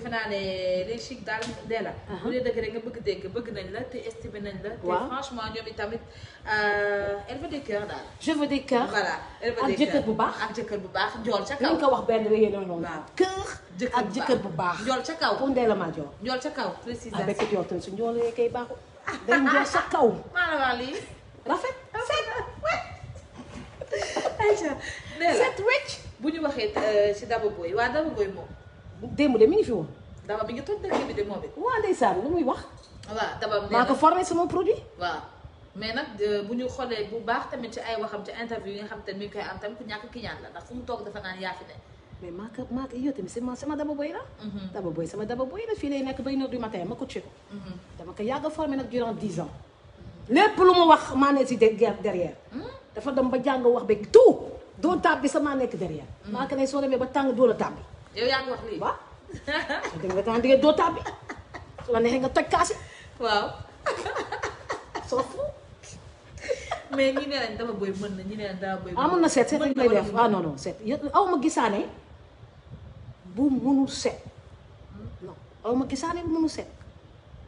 defe naa ne les chic daal de la. bu dee dëgg rek bëgg dégg bëgg nañ la te estimé nañ la. waaw te franchement ñoom itamit euh, elle veut des cœurs daal. jëkkër bu baax ak jëkkër bu baax njool ca kaw. li nga ko wax benn rëy na noonu. waaw jëkkër bu baax. njool ca kaw pour Ndella Madior. njool ca kaw précisément ah béykat yoo xam su dañ njool ca kaw. maa la wax lii. rafet set wecc. ayca set wecc. bu ñu waxee euh, ci Daba Boye waa Daba Boye moom démb de mi ngi fi woon. dama bi nga toj dëkk bi de moom it. waaw ndeysaan lu muy wax. waaw dama maa ko formé sama produit. waaw euh, bu ñu xoolee bu baax tamit ci ay waxam ci interview yi nga xam te ne mi ngi koy am tamit ku ñàkk ki ñaan la ndax fu mu toog dafa naan sama sama boy la. Mhm. daba boy sama daba boy la fii lay nekk ba une heure du matin ma ko coaché ko. Mhm. dama ko yàgg a formé nag durant dix ans. lépp lu mu wax maa nekk si derrière. Hmm? dafa dem ba jàng wax beeg tout doo tàbbi sa maa nekk derrière. Hmm. maa ko ne soo demee ba tàng doo la tàbbi yow yaa ngi wax soo demee da nga diggee doo tàbbi su neexee nga toj kaasi. waaw. soo fu. mais ñi ne lañ dafa booy mën na ñi ne lañ dafa booy. ah mën na seet seet lañ lay def ah, ma gisaane bu mënul hmm?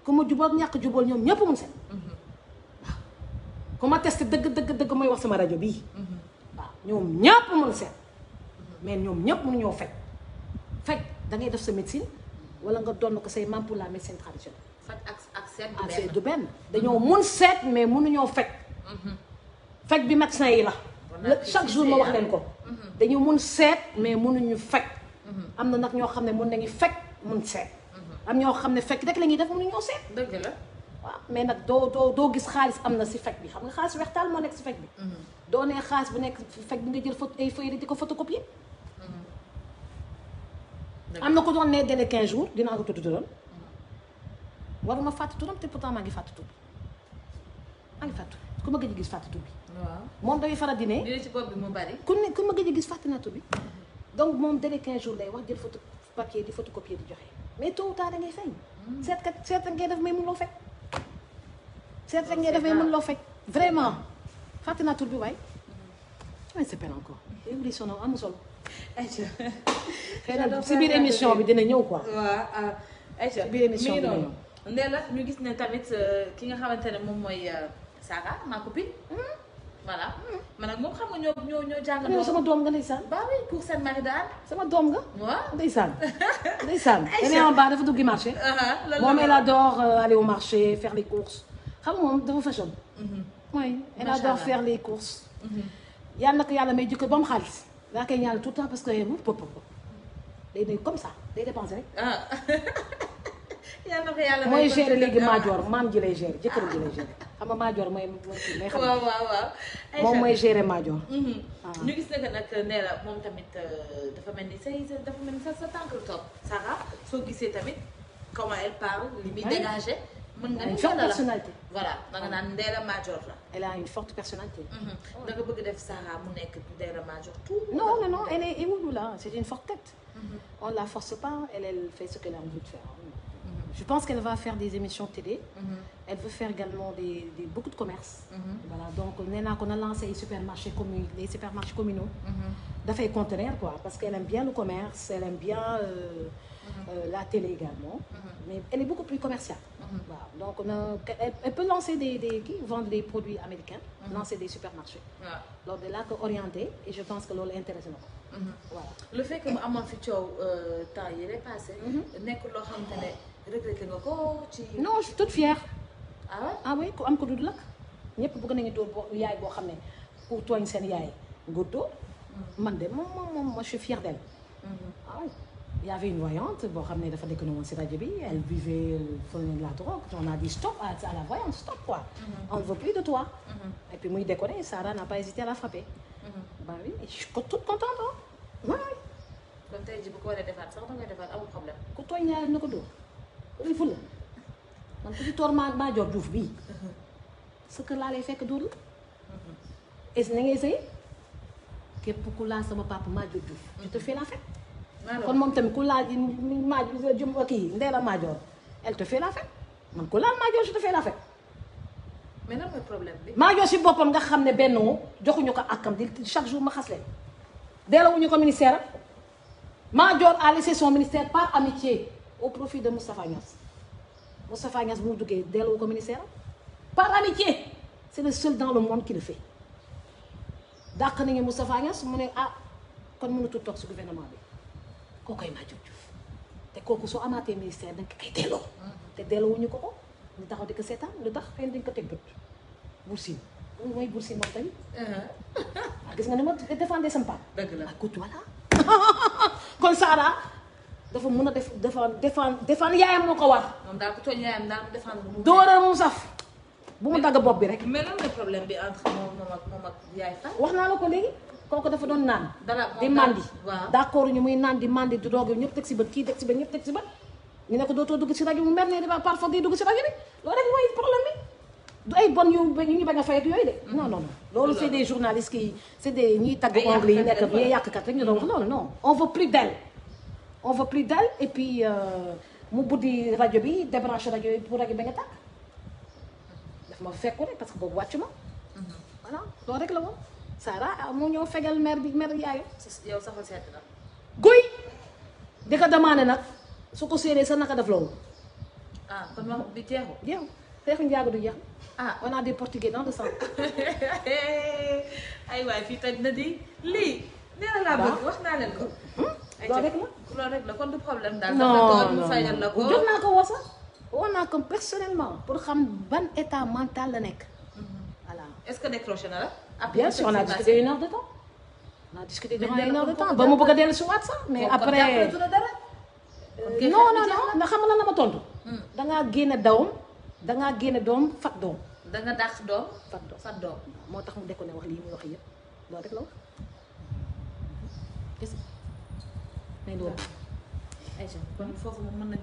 ku ma jubal ñàkk jubal ñoom ñëpp mun seet. waaw hmm. ma testé dëgg dëgg dëgg mooy wax sama rajo bi waaw hmm. ah, ñoom ñëpp mun seet. mais ñoom ñëpp mënuñoo fekk. faj da def sa médecine wala nga donn ko say maam pour la médecine traditionnelle. faj ak ak seet du ah, benn ak seet du benn dañoo mun seet mais munuñoo faj. Mhm. faj bi médecin yi la. chaque jour ma wax leen ko. Mhm. dañoo mun seet mais munuñu faj. Mhm. am na nag ñoo xam ne mun nañu faj mun seet. am ñoo xam ne fekk rek la ñuy def munuñoo seet. dëgg la. waaw mais nag doo doo doo gis xaalis am na si fekk bi xam nga xaalis wextaal moo nekk si fekk bi. doo nee xaalis bu nekk si fekk bi nga jël photo am na ko doon ne de 15 jours dinaa ko tudd turam waruma fàtte turam te pourtant maa ngi fàtte tur bi ku ma gëj a gis fàtte tur bi. moom day faral di ne. bi mu bari. ku ne ku ma gëj a gis fàtte naa tur bi donc moom délai 15 jours lay wax jël photo papier di photocopier di joxe mais tôt ou tard da ngay feeñ. Hmm. seet kat de rek loo fekk. seet rek ngay def may loo fekk vraiment fàtte naa tur bi waay. comment il s'appelle encore oublie son nom amul solo. ayca xëy na si biir émission bi dina ñëw quoi. waaw ayca si biir émission bi dina ñëw. Ndella ñu gis ne tamit euh, ki nga xamante ne moom mooy euh, Saka ma copine. Hmm. voilà hmm. man ak moom xam nga ñoo ñoo ñoo jàngatoo. sama doom nga ndeysaan. ba oui pour seen mari daal. sama doom nga. waaw ndeysaan. ndeysaan. ayca eh, ba dafa dugg marché. Uh-huh. loolu moom elle adore euh, aller au marché faire les courses xam nga moom dafa fashion. Mm-hmm. oui elle adore faire les courses. Mm-hmm. yàlla na ko yàlla may jëkkër ba mu xaalis daa koy ñaanal tout le temps parce que bu pëpp day day comme ça day dépenser rek. Ah. yàlla mooy gérer léegi maajoor maam ji lay gérer jëkkër ji lay gérer xam nga maajoor mooy. mooy xam waaw moom mooy gérer maajoor. Mhm. Ah. ñu gis ne que nag moom tamit euh, dafa mel ni say dafa mel ni sa sa tànk soo gisee tamit comment elle parle. li muy dégagé mën nga ah, ni. personnalité voilà da nga naan Ndella Madior la. elle a une forte personnalité. Mhm. da nga bëgg def Sarah mu nekk Ndella Madior tout. non non non elle est Iwouloula c'est une forte tête. Mhm. on la force pas elle elle fait ce qu'elle a envie de faire. Mhm. je pense qu'elle va faire des émissions télé. elle veut faire également des des beaucoup de commerce. voilà donc nee naa ko na lancé ay supermarchés communs les supermarchés communaux. dafay contenir quoi parce qu'elle aime bien le commerce elle aime bien. Euh, euh, la télé également. mais elle est beaucoup plus commerciale. waaw donc na elle peut lancer des des kii vendre des produits américains. Mhm. lancer des supermarchés. waaw loolu de laa orienté et je pense que loolu intéressé na ko. Mhm. voilà le fait mu amoon fi coow euh, temps yi repassé. Mhm. nekk loo xamante ne regretté nga ko ci. non je suis ah oui ah oui ku am ko du lakk ñëpp bëgg nañu dóor boo yaay boo xam ne ku tooñ seen yaay nga man de moom moom moom je suis fière d'elle. ah oui. il y avait une voyante, bon, ramener la fête que c'est radio, elle buvait, elle prenait de drogue. On a dit stop à, à la voyante, stop quoi. Mm-hmm. ne veut plus de toi. Mm-hmm. Et puis moi, il déconne, Sarah n'a pas hésité à la frapper. mm problème. Que toi, il y a un autre dos. Il faut Man ko ci torma ak baajo diouf bi. Ce que là lay fekk dul. Et na ngay sey. Képp ku la sama papa ma diouf. Tu te fais kon moom tamit ku laal maaj jëm kii Ndella Madior elle te fait la fête man ku laal Madior je te fais mais lan mooy problème bi. Madior si boppam nga xam ne benn joxuñu ko àkkam di chaque jour ma xas leen delloowuñu ko ministère Madior a laissé son ministère par amitié au profit de Moustapha Niass Moustapha Niass bu mu duggee delloo ko ministère par amitié c'est le seul dans le monde qui le fait dàq nañu Moustapha Niass mu ne ah kon mënatul toog si gouvernement bi. kookoy Maajob kooku soo amaatee ministère da nga koy delloo te delloowuñu ko ko ñu taxaw di ko seetaan lu tax xëy dañ ko teg bët Boursine loolu mooy Boursine moom tamit waaw uh-huh. gis nga ne ma défendre sama papa dëgg la ak ah, kutu voilà kon Sara dafa mën a def défendre défendre défendre yaayam moo ko war moom daal ku tooñ yaayam mu défendre dóoral saf bu mu dagg bopp bi rek mais lan mooy problème bi entre moom moom ak moom ak yaay sax wax naa la ko léegi kooku dafa doon naan. di mandi d'accord ñu muy naan di mandi di doog ñëpp teg si bët kii teg si bët ñëpp teg si bët ñu ne ko dootoo dugg si rajo bi loolu rek mooy problème bi du ay bon yu ñu bañ a fay ak loolu c'est des journalistes qui c'est des ñiy tagg anglais yi nekk ñiy yàqkat rek ñu doon wax loolu non on veut plus d'elle on euh, rajo bi débranché rajo bi pour rajo bi nga tàkk ma fekku rek parce que boobu wàccu ma mhm. voilà rek la woon Sara ah, moo ñëw fegal mère bi mère yaayu. yow sax di ko demandé nag su ko séenee sa naka def loolu. ah kon ma bi jeexu. jeexu teexu njaago du jeex. Ah. a wax naa leen ko. Hmm? loolu rek la kon du problème daal. non non fayal la ko jot naa ko woo sax. naa ko personnellement pour xam ban état mental la nekk. Mm-hmm. ce que décroché na après ah, bien sûr on a discuté une heure de temps. on a discuté durant une heure de temps ba mu bëgg a dellu si mais après. non non non xam nga lan la ma tontu. Hmm. da ngaa génne dawam da ngaa génne doom fat doom. danga nga dàq doom. fat doom fat doom moo tax mu dekkoon ne wax lii muy wax yëpp loolu rek la wax. gis nga loolu. ayca kon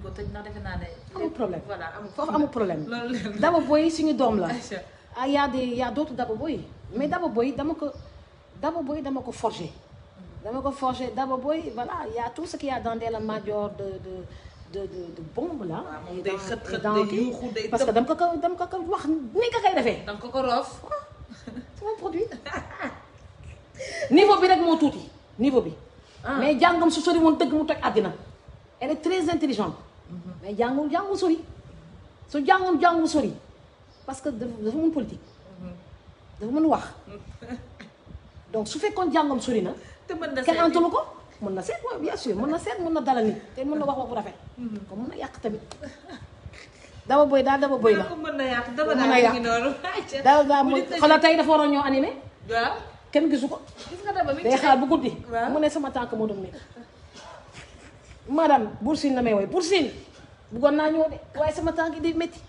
ko tëj ndax defe naa ne. amul problème voilà amul foofu amul problème. loolu léegi dama booy doom la. ah y a des y Daba Boy mais Daba booy dama ko Daba Boy dama ko forger dama ko forger Daba Boy voilà y a tout ce qu'il y a dans Ndella Madior de de de de de bombe là. waaw day xët xët parce que dam ko ko dama ko ko wax ni nga koy defee. dama ko ko roof. c'est mon produit niveau bi rek moo tuuti niveau bi. Ah. mais jàngam su sori woon dëgg mu toj àddina. elle est très intelligente. Mhm. mais jàngul jàngu sori su jàngul jàngu sori. parce que dafa mën politique dafa mën wax donc su fekkoon jàngam sori na. te na seet kenn antalu ko mën na seet waaw mën na seet mën na dalal nit te mën na wax wax bu rafet. Mhm. kon mën na yàq tamit daba boy daal dama boy la. mën na yàq daba daal daal daal mooy tey dafa waroon ñoo animé. kenn gisu ko. gis nga daba xaar bu guddi. mu ne sama tànk moo doon nekk. madame Boursine la may woy Boursine buggoon naa ñëw de waaye sama tànk di métti.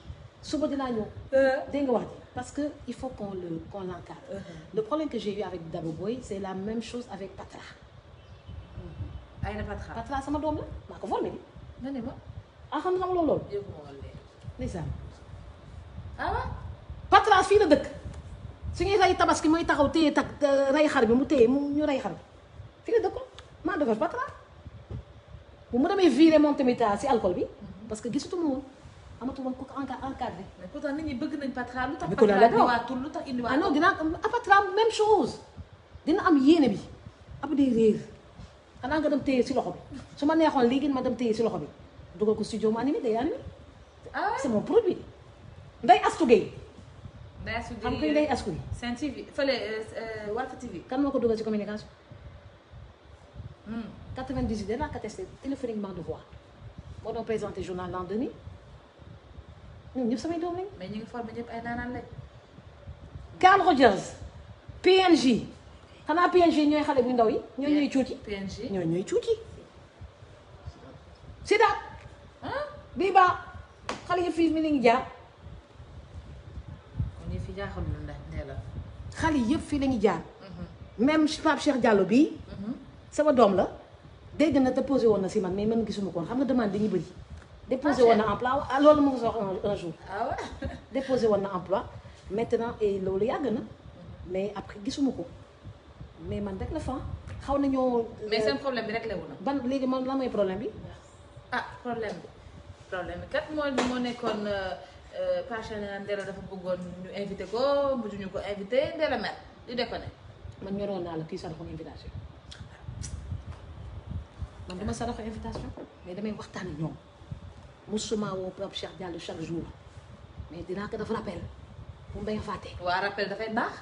suba dinaa ñëw. Euh. dégg nga wax ji parce que il faut qu'on le qu'on l'encadre. le problème que j'ai eu avec Daba Boy c'est la même chose avec Patra. Mm-hmm. ay sama doom la maa ko formé. na ne ma ah xam nga loolu. yëpp moo leen ah fii la dëkk su ñuy rey tabaski mooy taxaw téye tak euh, rey xar bi mu téye mu ñu rey xar bi fii la dëkkoon maa defar bu mu demee viré moom tamit euh, si alcool bi mm-hmm. parce que gisatu ma amatul woon ku ko encadré. mais pourtant bëgg nañ Patra lu tax. Nicolas Lakaw indiwaatul dina am Patra dina am yéene bi ab day réer xanaa dem téye si loxo bi su ma neexoon léegi ma dem téye si loxo bi dugal ko studio mu animé day animé. ah c'est mon produit. Ndeye Astou Gueye. Ndeye Astou Gueye xam nga Ndeye Astou Gueye. Sen TV fële euh, euh, Walf TV. kan moo ko dugal ci communication. 98 dinaa ko testé téléphoniquement de voix moo doon présenté journal l'an ñoom ñëpp samay doom lañ. mais ñu ngi formé ay naanaan lañ. Carl Rogers. PNG. xanaa PNG ñooy xale bu ndaw yi. ñooy ñooy cuuti PNG ñooy ñooy cuuti. Sida. bii baax xale yi fii mi jaar. ñu fi jaaxal lu ndax nee la. xale yëpp fii la ñuy jaar. Mhm. même Pape Cheikh Diallo bii. Mhm. sama doom la. dégg na te posé woon na si man mais man gisuma koon xam nga demande dañuy bëri. déposé woon na ah, emploi ah, loolu moo ko soxla un jour. ah ouais déposé woon na emploi maintenant et loolu yàgg na mais après gisuma ko mais man rek la fan xaw nañoo. mais euh, seen problème bi rek la woon. ban léegi man lan mooy bi. Ah, problème bi problème bi moo nekkoon euh, euh, Pacha ne Ndella dafa bëggoon ñu invité ko mujj ñu ko invité Ndella mer li de ko ne. man ñoroon naa la kii sa dafa man duma sax dafa invitation mais damay waxtaan ak ñoom. musuma woo Pape Cheikh Diallo chaque jour mais dinaa ko dafa rappel pour mu bañ a rappel dafay baax.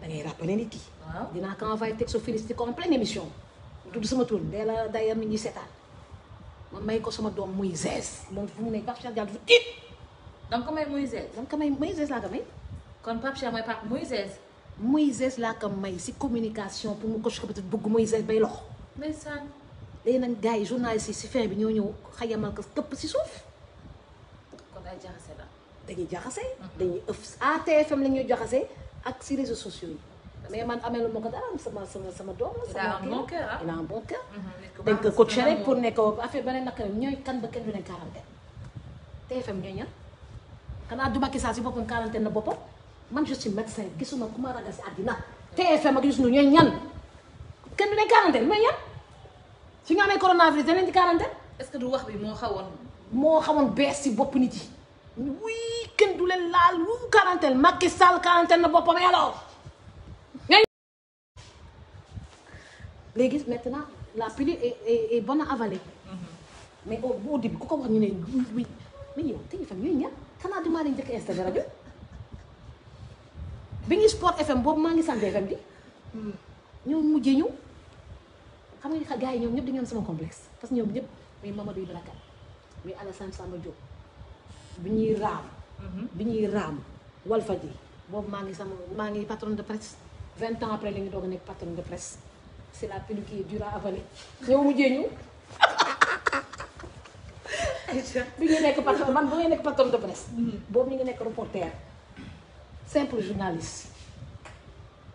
da ngay rappeler waaw dinaa ko envoyé texte félicité en pleine émission. tudd sama tur de la d'ailleurs mi ngi seetaan ma may ko sama doom muy moom fu mu ne Pape Cheikh Diallo dafa da nga kon Pape Cheikh mooy Pape Moïse. Moïse laa ko may si communication pour mu ko si bëgg bay loxo. ndeysaan. léegi nag gars yi journaliste yi si fin bi ñoo ñëw xayamal ko këpp si suuf. ay jaxase la dañuy jaxase mhm. dañuy ëf ATFM la ñuy jaxase ak si réseaux sociaux yi mais man amee lu ma ko dara sama sama sama doom la sama kii il a un bon mhm. dañ ko coaché pour nekk affaire beneen naka ñooy kan ba kenn du ne quarantaine TFM ñooy ñan xanaa du Macky Sall si boppam quarantaine na boppam man je suis médecin gisuma ku ma ragal si àddina TFM ak Youssou Ndour ñooy ñan kenn du ne quarantaine mooy ñan su ñu amee coronavirus danañ ci quarantaine est que du wax bi moo xawoon moo xawoon bees si bopp nit yi wii kenn du leen laal wu quarantaine Macky Sall quarantaine na boppam alors. léegi maintenant la pilule est est est bonne à avaler. Mm-hmm. mais ku ko wax ñu ne oui mais yow téléphone yooyu ña xanaa du maa leen njëkk a installé rajo bi ngi Sport FM boobu maa ngi sant FM di. Mm-hmm. ñoo mujjee ñëw xam nga gars yi ñoom ñëpp dañu sama complexe parce que ñoom ñëpp muy Mamadou Ibra Kane muy Alassane Samba Diop. bi ñuy raam. Mhm. bi ñuy raam Walfadjri boobu maa ngi sama maa ngi patron de presse vingt ans après la ñu doog a nekk patron de presse c'est la pilule qui est dure à avaler ñëw mujjee ñu. bi ñu nekk man ba ngay nekk patron de presse. Mhm. boobu ngi nekk reporter simple journaliste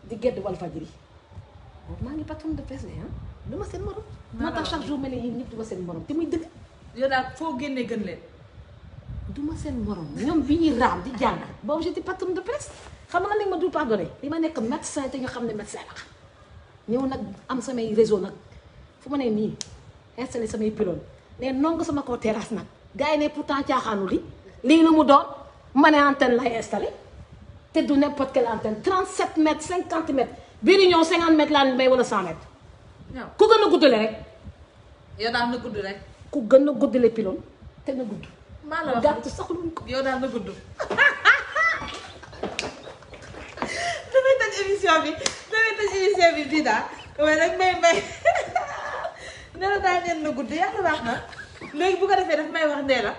di gedd Walfadjri boobu maa ngi patron de presse de ma seen morom. moo tax chaque jour ma ne yéen ñëpp du ma seen morom te muy dëgg. yow daal foo génnee gën leen. du ma seen morom ñoom bi ñuy raam di jàng boobu j'étais patron de presse xam nga li ma dul pardonné li ma nekk médecin te ñu xam ne médecin la ñëw nag am samay réseau nag fu ma ne nii installé samay pylône ne nongu sama kaw terrasse nag gars yi ne pourtant caaxaanu li lii na mu doon ma ne antenne lay installé te du n'importe quelle antenne 37 mètres 50 mètres biir ñëw 50 mètres laa leen may wala 100 mètres. ku gën a guddale rek. yow daal na gudd rek. ku gën a guddale pylône te na gudd. maa la wax gàtt sax yow daal na gudd. damay tëj émission bi damay tëj émission bi bii daal waaye nag may may nee daal neen na gudd yàlla baax na léegi bu ko defee daf may wax nee la.